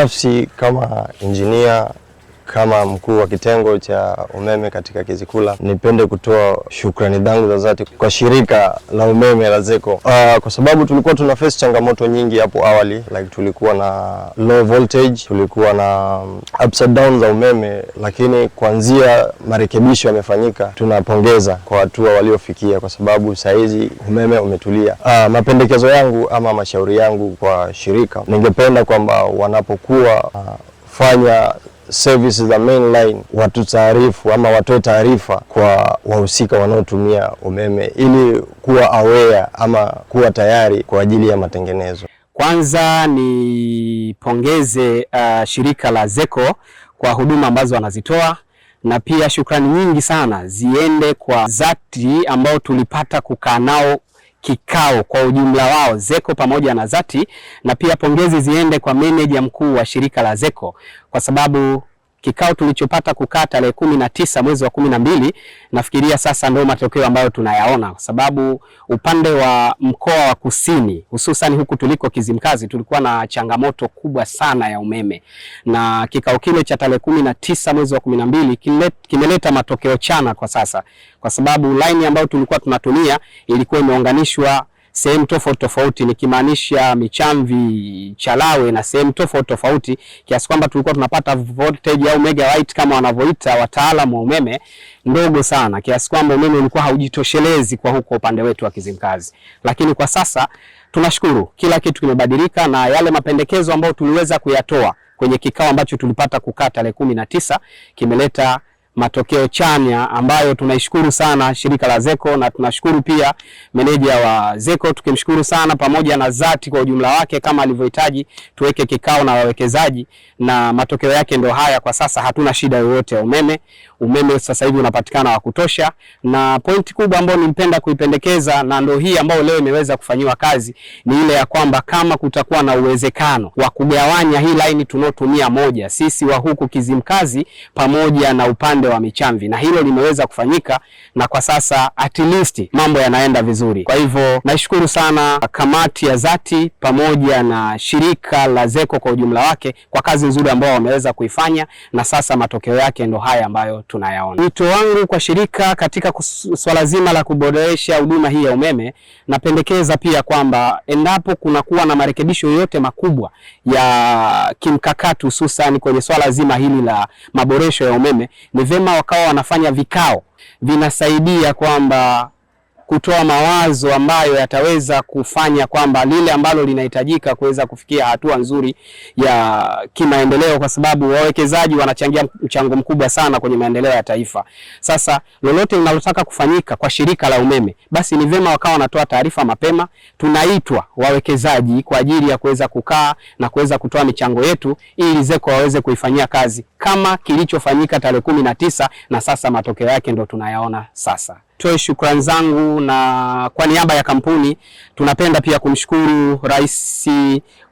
Nafsi kama injinia kama mkuu wa kitengo cha umeme katika Kizikula, nipende kutoa shukrani zangu za dhati kwa shirika la umeme la ZECO uh, ah, kwa sababu tulikuwa tuna face changamoto nyingi hapo awali, like tulikuwa na low voltage, tulikuwa na um, upside down za umeme, lakini kuanzia marekebisho yamefanyika, tunapongeza kwa hatua waliofikia, kwa sababu sahizi umeme umetulia. Uh, mapendekezo yangu ama mashauri yangu kwa shirika, ningependa kwamba wanapokuwa uh, fanya service za mainline watutaarifu ama watoe taarifa kwa wahusika wanaotumia umeme ili kuwa aware ama kuwa tayari kwa ajili ya matengenezo. Kwanza nipongeze uh, shirika la ZECO kwa huduma ambazo wanazitoa na pia shukrani nyingi sana ziende kwa zati ambao tulipata kukaa nao kikao kwa ujumla wao ZECO pamoja na ZATI, na pia pongezi ziende kwa meneja mkuu wa shirika la ZECO kwa sababu kikao tulichopata kukaa tarehe kumi na tisa mwezi wa kumi na mbili nafikiria sasa ndio matokeo ambayo tunayaona, kwa sababu upande wa mkoa wa Kusini hususan huku tuliko Kizimkazi, tulikuwa na changamoto kubwa sana ya umeme, na kikao kile cha tarehe kumi na tisa mwezi wa kumi na mbili kimeleta matokeo chana kwa sasa, kwa sababu laini ambayo tulikuwa tunatumia ilikuwa imeunganishwa sehemu tofauti tofauti, nikimaanisha Michamvi, Chalawe na sehemu tofauti tofauti, kiasi kwamba tulikuwa tunapata voltage au megawatt kama wanavyoita wataalamu wa umeme ndogo sana, kiasi kwamba umeme ulikuwa haujitoshelezi kwa huko upande wetu wa Kizimkazi. Lakini kwa sasa tunashukuru, kila kitu kimebadilika, na yale mapendekezo ambayo tuliweza kuyatoa kwenye kikao ambacho tulipata kukaa tarehe kumi na tisa kimeleta matokeo chanya ambayo tunaishukuru sana shirika la ZECO na tunashukuru pia meneja wa ZECO tukimshukuru sana pamoja na Zati kwa ujumla wake, kama alivyohitaji tuweke kikao na wawekezaji, na matokeo yake ndio haya. Kwa sasa hatuna shida yoyote ya umeme umeme sasa hivi unapatikana wa kutosha, na pointi kubwa ambayo nimpenda kuipendekeza na ndio hii ambayo leo imeweza kufanyiwa kazi ni ile ya kwamba kama kutakuwa na uwezekano wa kugawanya hii laini tunaotumia moja sisi wa huku Kizimkazi pamoja na upande wa Michamvi, na hilo limeweza kufanyika na kwa sasa at least mambo yanaenda vizuri. Kwa hivyo naishukuru sana kamati ya Zati pamoja na shirika la ZECO kwa ujumla wake kwa kazi nzuri ambayo wameweza kuifanya, na sasa matokeo yake ndo haya ambayo tunayaona. Wito wangu kwa shirika katika swala zima la kuboresha huduma hii ya umeme, napendekeza pia kwamba endapo kunakuwa na marekebisho yote makubwa ya kimkakati, hususan kwenye swala zima hili la maboresho ya umeme, ni vema wakawa wanafanya vikao vinasaidia kwamba kutoa mawazo ambayo yataweza kufanya kwamba lile ambalo linahitajika kuweza kufikia hatua nzuri ya kimaendeleo, kwa sababu wawekezaji wanachangia mchango mkubwa sana kwenye maendeleo ya taifa. Sasa lolote linalotaka kufanyika kwa shirika la umeme, basi ni vema wakawa wanatoa taarifa mapema. Tunaitwa wawekezaji kwa ajili ya kuweza kukaa na kuweza kutoa michango yetu ili ZECO waweze kuifanyia kazi kama kilichofanyika tarehe kumi na tisa na sasa matokeo yake ndo tunayaona sasa nitoe shukrani zangu na kwa niaba ya kampuni tunapenda pia kumshukuru rais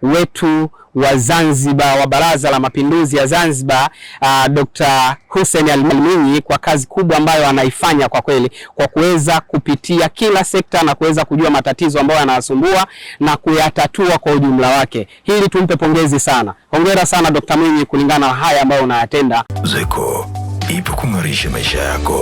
wetu wa Zanzibar wa Baraza la Mapinduzi ya Zanzibar, uh, ah, Dr. Hussein Ali Mwinyi kwa kazi kubwa ambayo anaifanya kwa kweli kwa kuweza kupitia kila sekta na kuweza kujua matatizo ambayo yanasumbua na kuyatatua kwa ujumla wake. Hili tumpe pongezi sana. Hongera sana Dr. Mwinyi kulingana na haya ambayo unayatenda. ZECO ipo kung'arisha maisha yako.